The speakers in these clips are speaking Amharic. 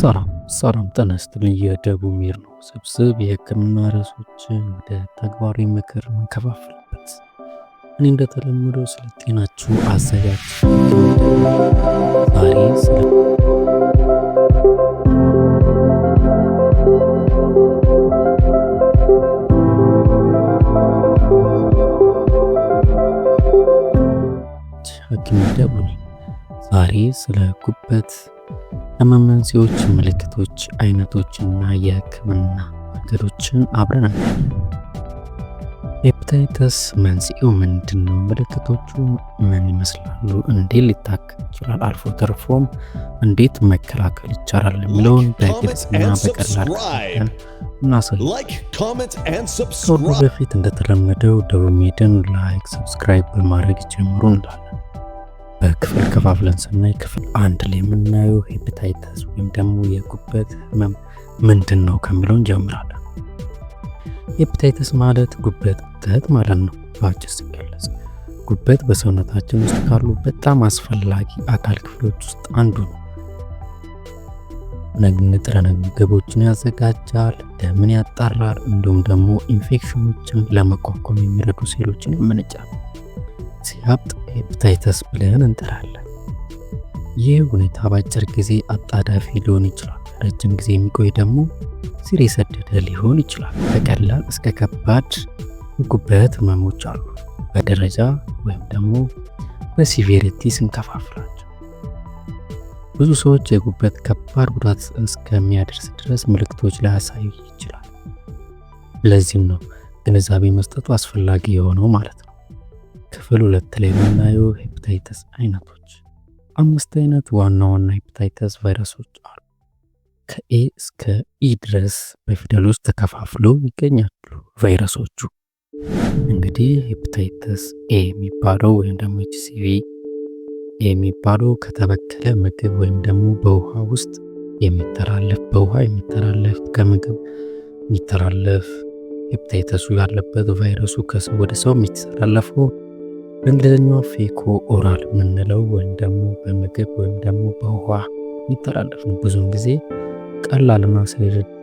ሰላም ሰላም ጤና ይስጥልኝ። የደቡ ሚር ነው ስብስብ የህክምና ርዕሶችን ወደ ተግባራዊ ምክር የምንከፋፍልበት እኔ እንደተለመደው ስለ ጤናችሁ አዘጋጅ ዛሬ ስለ ሐኪም ደቡ ዛሬ ስለ ጉበት ህመም መንስኤዎች፣ ምልክቶች፣ አይነቶች እና የህክምና መንገዶችን አብረናል። ሄፕታይተስ መንስኤው ምንድን ነው? ምልክቶቹ ምን ይመስላሉ? እንዴት ሊታከም ይችላል? አልፎ ተርፎም እንዴት መከላከል ይቻላል? የሚለውን በግልጽና በቀላል እናሳያለን። ከሁሉ በፊት እንደተለመደው ደቡሜድን ላይክ፣ ሰብስክራይብ በማድረግ ጀምሩ እንላለን። በክፍል ከፋፍለን ስናይ ክፍል አንድ ላይ የምናየው ሄፕታይተስ ወይም ደግሞ የጉበት ህመም ምንድን ነው ከሚለው እንጀምራለን። ሄፕታይተስ ማለት ጉበት እብጠት ማለት ነው። በአጭር ሲገለጽ ጉበት በሰውነታችን ውስጥ ካሉ በጣም አስፈላጊ አካል ክፍሎች ውስጥ አንዱ ነው። ንጥረ ምግቦችን ያዘጋጃል፣ ደምን ያጣራል፣ እንዲሁም ደግሞ ኢንፌክሽኖችን ለመቋቋም የሚረዱ ሴሎችን ያመነጫል። ሲያብጥ ሄፕታይተስ ብለን እንጠራለን። ይህ ሁኔታ በአጭር ጊዜ አጣዳፊ ሊሆን ይችላል። ረጅም ጊዜ የሚቆይ ደግሞ ስር የሰደደ ሊሆን ይችላል። በቀላል እስከ ከባድ ጉበት ህመሞች አሉ። በደረጃ ወይም ደግሞ በሲቬሪቲ ስንከፋፍላቸው ብዙ ሰዎች የጉበት ከባድ ጉዳት እስከሚያደርስ ድረስ ምልክቶች ሊያሳይ ይችላል። ለዚህም ነው ግንዛቤ መስጠቱ አስፈላጊ የሆነው ማለት ነው። ክፍል ሁለት ላይ የምናየው ሄፕታይተስ አይነቶች። አምስት አይነት ዋና ዋና ሄፕታይተስ ቫይረሶች አሉ። ከኤ እስከ ኢ ድረስ በፊደል ውስጥ ተከፋፍለው ይገኛሉ ቫይረሶቹ። እንግዲህ ሄፕታይተስ ኤ የሚባለው ወይም ደግሞ ኤችሲቪ የሚባለው ከተበከለ ምግብ ወይም ደግሞ በውሃ ውስጥ የሚተላለፍ በውሃ የሚተላለፍ ከምግብ የሚተላለፍ ሄፕታይተሱ ያለበት ቫይረሱ ከሰው ወደ ሰው የሚተላለፈው በእንግሊዝኛው ፌኮ ኦራል የምንለው ወይም ደግሞ በምግብ ወይም ደግሞ በውሃ የሚተላለፍ ነው። ብዙውን ጊዜ ቀላልና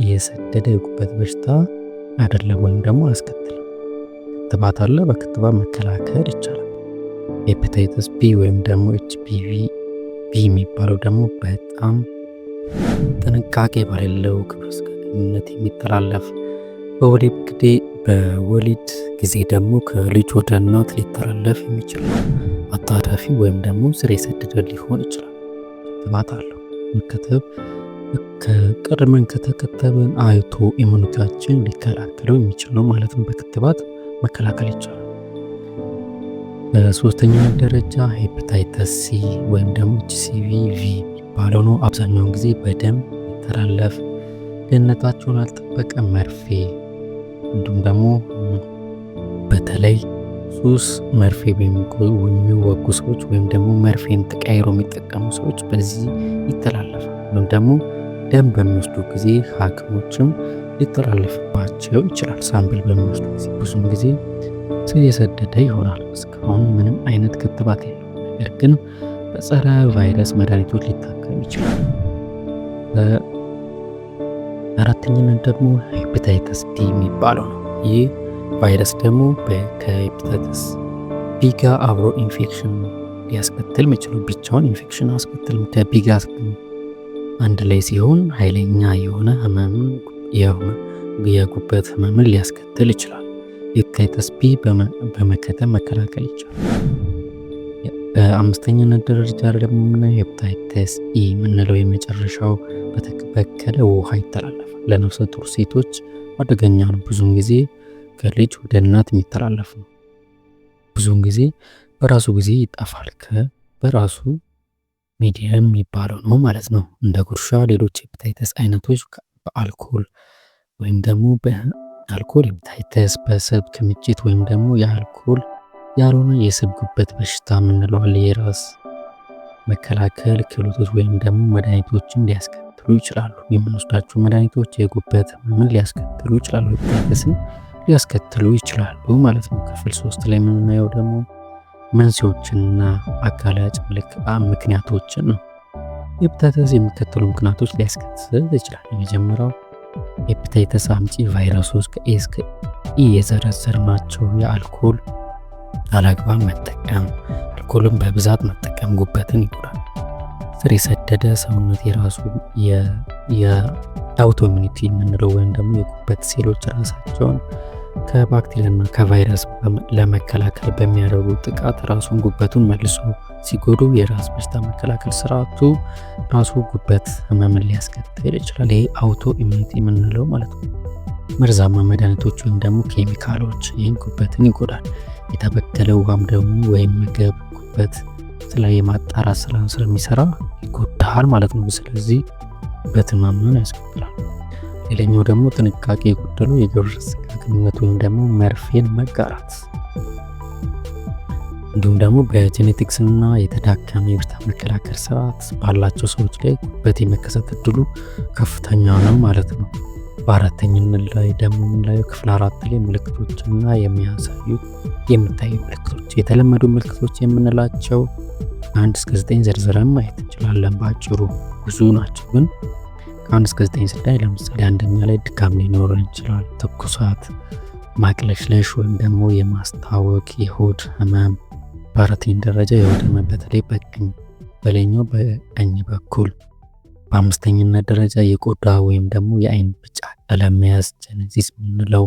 እየሰደደ የጉበት በሽታ አይደለም፣ ወይም ደግሞ አያስከትልም። ክትባት አለ። በክትባት መከላከል ይቻላል። ሄፓታይተስ ቢ ወይም ደግሞ ኤችፒቪ ቢ የሚባለው ደግሞ በጣም ጥንቃቄ በሌለው ግብረ ስጋ የሚተላለፍ በወሊድ ጊዜ በወሊድ ጊዜ ደግሞ ከልጅ ወደ እናት ሊተላለፍ የሚችል አጣዳፊ ወይም ደግሞ ስር የሰደደ ሊሆን ይችላል። ክትባት አለው መከተብ ከቀድመን ከተከተብን አይቶ ኢሙኒቲያችን ሊከላከለው የሚችል ነው ማለት ነው። በክትባት መከላከል ይቻላል። በሶስተኛ ደረጃ ሄፓታይተስ ሲ ወይም ደግሞ ኤችሲቪ ቪ የሚባለው ነው። አብዛኛውን ጊዜ በደም ሊተላለፍ ደህነታቸውን አልጠበቀ መርፌ እንዲሁም ደግሞ በተለይ ሱስ መርፌ የሚወጉ ሰዎች ወይም ደግሞ መርፌን ተቀያይሮ የሚጠቀሙ ሰዎች በዚህ ይተላለፋል። ወይም ደግሞ ደም በሚወስዱ ጊዜ ሐኪሞችም ሊተላለፍባቸው ይችላል። ሳምፕል በሚወስዱ ጊዜ ብዙም ጊዜ የሰደደ ይሆናል። እስካሁን ምንም አይነት ክትባት የለም። ነገር ግን በጸረ ቫይረስ መድኃኒቶች ሊታከም ይችላል። አራተኛነት ደግሞ ሄፓታይተስ ዲ የሚባለው ነው። ይህ ቫይረስ ደግሞ ከሄፓታይተስ ቢ ጋር አብሮ ኢንፌክሽን ሊያስከትል የሚችለው ብቻውን ኢንፌክሽን አስከትልም ከቢ ጋር አንድ ላይ ሲሆን ኃይለኛ የሆነ ህመምን የጉበት ህመምን ሊያስከትል ይችላል። ሄፓታይተስ ቢ በመከተብ መከላከል ይቻላል። በአምስተኛነት ደረጃ ደግሞ የምናየው ሄፓታይተስ ኢ የምንለው የመጨረሻው በተበከለ ውሃ ይተላለፋል። ለነፍሰ ጡር ሴቶች አደገኛ ነው። ብዙውን ጊዜ ከልጅ ወደ እናት የሚተላለፍ ነው። ብዙውን ጊዜ በራሱ ጊዜ ይጠፋል። በራሱ ሚዲየም የሚባለው ነው ማለት ነው። እንደ ጉርሻ፣ ሌሎች ሄፓታይተስ አይነቶች በአልኮል ወይም ደግሞ በአልኮል ሄፓታይተስ በስብ ክምችት ወይም ደግሞ የአልኮል ያልሆነ የስብ ጉበት በሽታ የምንለው የራስ መከላከል ክህሎቶች ወይም ደግሞ መድኃኒቶችን ሊያስከትሉ ይችላሉ። የምንወስዳቸው መድኃኒቶች የጉበት ምን ሊያስከትሉ ይችላሉ፣ ሄፓታይተስን ሊያስከትሉ ይችላሉ ማለት ነው። ክፍል ሶስት ላይ የምናየው ደግሞ መንስኤዎችንና አጋላጭ ምክንያቶችን ነው። ሄፓታይተስ የሚከተሉ ምክንያቶች ሊያስከትል ይችላል። የመጀመሪያው ሄፓታይተስ አምጪ ቫይረሶች ከኤ እስከ ኢ ናቸው። የአልኮል አላግባብ መጠቀም፣ አልኮልን በብዛት መጠቀም ጉበትን ይጎዳል። ስር የሰደደ ሰውነት የራሱ የአውቶሚኒቲ የምንለው ወይም ደግሞ የጉበት ሴሎች ራሳቸውን ከባክቴሪያና ከቫይረስ ለመከላከል በሚያደርጉ ጥቃት ራሱን ጉበቱን መልሶ ሲጎዱ የራስ በሽታ መከላከል ስርዓቱ ራሱ ጉበት ህመምን ሊያስከትል ይችላል። ይሄ አውቶ ኢሚኒቲ የምንለው ማለት ነው። መርዛማ መድኃኒቶች ወይም ደግሞ ኬሚካሎች ይህን ጉበትን ይጎዳል። የተበከለ ውሃም ደግሞ ወይም ምግብ ጉበት የተለያየ የማጣራት ስራ ስለሚሰራ ይጎዳሃል ማለት ነው። ስለዚህ በትማምን ያስከትላል። ሌላኛው ደግሞ ጥንቃቄ የጎደለው የግብረ ስጋ ግንኙነት ወይም ደግሞ መርፌን መጋራት እንዲሁም ደግሞ በጄኔቲክስ እና የተዳከመ የበሽታ መከላከል ስርዓት ባላቸው ሰዎች ላይ ጉበት የመከሰት እድሉ ከፍተኛ ነው ማለት ነው። በአራተኝነት ላይ ደግሞ የምናየው ክፍል አራት ላይ ምልክቶችና የሚያሳዩ የምታዩ ምልክቶች የተለመዱ ምልክቶች የምንላቸው ከአንድ እስከ ዘጠኝ ዘርዝረን ማየት እንችላለን። በአጭሩ ብዙ ናቸው፣ ግን ከአንድ እስከ ዘጠኝ ስናይ ለምሳሌ አንደኛ ላይ ድካም ሊኖር ይችላል። ትኩሳት፣ ማቅለሽለሽ ወይም ደግሞ የማስታወክ የሆድ ህመም። በአራተኛ ደረጃ የሆድ ህመም በተለይ በቀኝ በላይኛው በቀኝ በኩል በአምስተኝነት ደረጃ የቆዳ ወይም ደግሞ የአይን ቢጫ ቀለም መያዝ ጀነሲስ የምንለው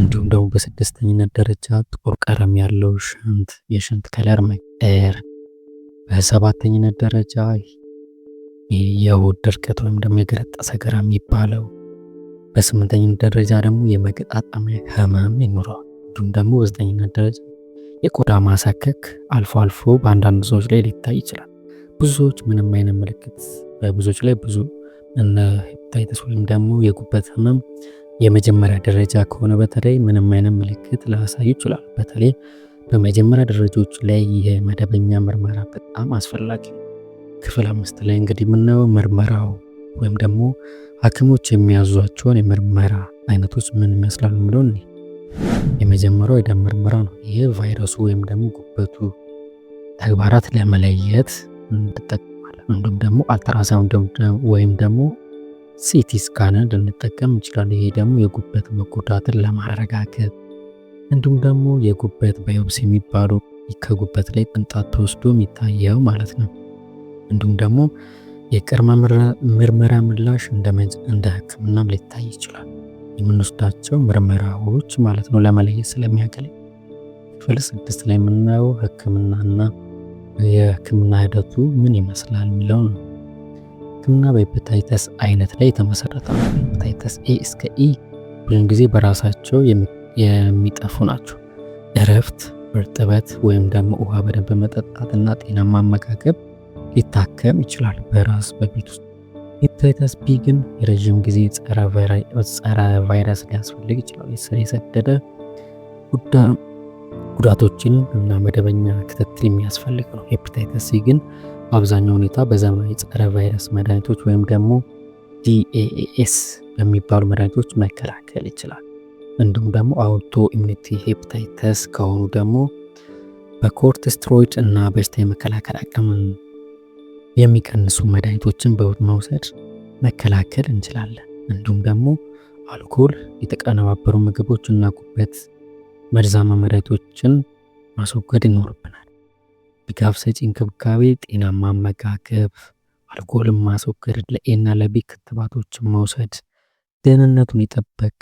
እንዲሁም ደግሞ በስድስተኝነት ደረጃ ጥቁር ቀለም ያለው ሽንት የሽንት ከለር መቀየር፣ በሰባተኝነት ደረጃ የሆድ ድርቀት ወይም ደግሞ የገረጠሰ ገራ የሚባለው፣ በስምንተኝነት ደረጃ ደግሞ የመገጣጠሚያ ህመም ይኖረዋል። እንዲሁም ደግሞ በዘጠኝነት ደረጃ የቆዳ ማሳከክ አልፎ አልፎ በአንዳንድ ሰዎች ላይ ሊታይ ይችላል። ብዙ ሰዎች ምንም አይነት ምልክት በብዙዎች ላይ ብዙ እነ ሄፓታይተስ ወይም ደግሞ የጉበት ህመም የመጀመሪያ ደረጃ ከሆነ በተለይ ምንም አይነት ምልክት ላሳዩ ይችላል። በተለይ በመጀመሪያ ደረጃዎች ላይ የመደበኛ ምርመራ በጣም አስፈላጊ ነው። ክፍል አምስት ላይ እንግዲህ የምናየው ምርመራው ወይም ደግሞ ሐኪሞች የሚያዟቸውን የምርመራ አይነቶች ምን ይመስላሉ የሚለውን የመጀመሪያው የደም ምርመራ ነው። ይህ ቫይረሱ ወይም ደግሞ ጉበቱ ተግባራት ለመለየት እንጠቀማለን። እንዲሁም ደግሞ አልትራሳውንድ ወይም ደግሞ ሲቲ ስካንን ልንጠቀም እንችላለን። ይሄ ደግሞ የጉበት መጎዳትን ለማረጋገጥ እንዲሁም ደግሞ የጉበት ባዮፕሲ የሚባሉ ከጉበት ላይ ቅንጣት ተወስዶ የሚታየው ማለት ነው። እንዲሁም ደግሞ የቅድመ ምርመራ ምላሽ እንደ ሕክምናም ሊታይ ይችላል። የምንወስዳቸው ምርመራዎች ማለት ነው ለመለየት ስለሚያገለግል ክፍል ስድስት ላይ የምናየው ሕክምናና የህክምና ሂደቱ ምን ይመስላል የሚለው ነው። ህክምና በሄፓታይተስ አይነት ላይ የተመሰረተ ነው። ኤ እስከ ኢ ብዙን ጊዜ በራሳቸው የሚጠፉ ናቸው። እረፍት፣ እርጥበት ወይም ደግሞ ውሃ በደንብ መጠጣትና ጤናማ አመጋገብ ሊታከም ይችላል በራስ በቤት ውስጥ። ሄፓታይተስ ቢ ግን የረዥም ጊዜ ጸረ ቫይረስ ሊያስፈልግ ይችላል። የስር የሰደደ ጉዳም ጉዳቶችን እና መደበኛ ክትትል የሚያስፈልግ ነው። ሄፕታይተስ ሲ ግን በአብዛኛው ሁኔታ በዘመናዊ ጸረ ቫይረስ መድኃኒቶች ወይም ደግሞ ዲኤኤኤስ በሚባሉ መድኃኒቶች መከላከል ይችላል። እንዲሁም ደግሞ አውቶ ኢሚኒቲ ሄፕታይተስ ከሆኑ ደግሞ ስትሮይድ እና በሽታ የመከላከል አቅምን የሚቀንሱ መድኃኒቶችን በመውሰድ መከላከል እንችላለን። እንዲሁም ደግሞ አልኮል፣ የተቀነባበሩ ምግቦች እና ጉበት መርዛማ መሬቶችን ማስወገድ ይኖርብናል። ድጋፍ ሰጪ እንክብካቤ፣ ጤናማ አመጋገብ፣ አልኮልን ማስወገድ፣ ለኤና ለቢ ክትባቶችን መውሰድ፣ ደህንነቱን የጠበቀ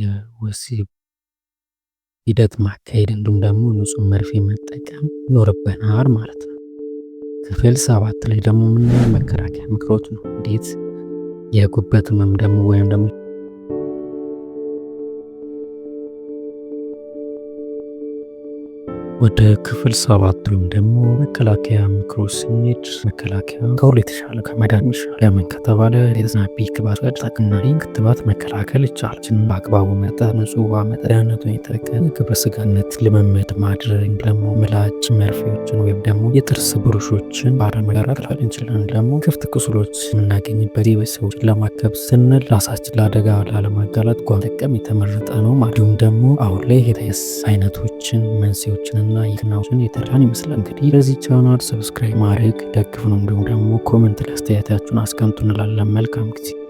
የወሲብ ሂደት ማካሄድ እንዲሁም ደግሞ ንጹህ መርፌ መጠቀም ይኖርብናል ማለት ነው። ክፍል ሰባት ላይ ደግሞ የምናየው መከላከያ ምክሮች ነው። እንዴት የጉበት ህመም ደግሞ ወይም ደግሞ ወደ ክፍል ሰባት ወይም ደግሞ መከላከያ ምክሮ ስንሄድ መከላከያ ከሁሉ የተሻለ ከመዳን ይሻል። ለምን ከተባለ የተዝናቢ ክትባት ጠቅና ክትባት መከላከል ይቻላል። ችን በአግባቡ መጠጥ፣ ንጹህ ውሃ መጠጥ፣ ደህንነቱ የተጠበቀ ግብረ ሥጋነት ልምምድ ማድረግ ደግሞ ምላጭ መርፌዎችን ወይም ደግሞ የጥርስ ብሩሾችን ባለመጋራት ላል እንችላለን። ደግሞ ክፍት ቁስሎች የምናገኝበት ቤተሰቦችን ለማከብ ስንል ራሳችን ለአደጋ ላለማጋለጥ ጓንጠቀም የተመረጠ ነው። እንዲሁም ደግሞ አሁን ላይ የቫይረስ አይነቶችን መንስኤዎችን እና የትናውትን የተራን ይመስላል። እንግዲህ በዚህ ቻናል ሰብስክራይብ ማድረግ ደግፍ ነው። እንዲሁም ደግሞ ኮመንት ላይ አስተያየታችሁን አስቀምጡ እንላለን። መልካም ጊዜ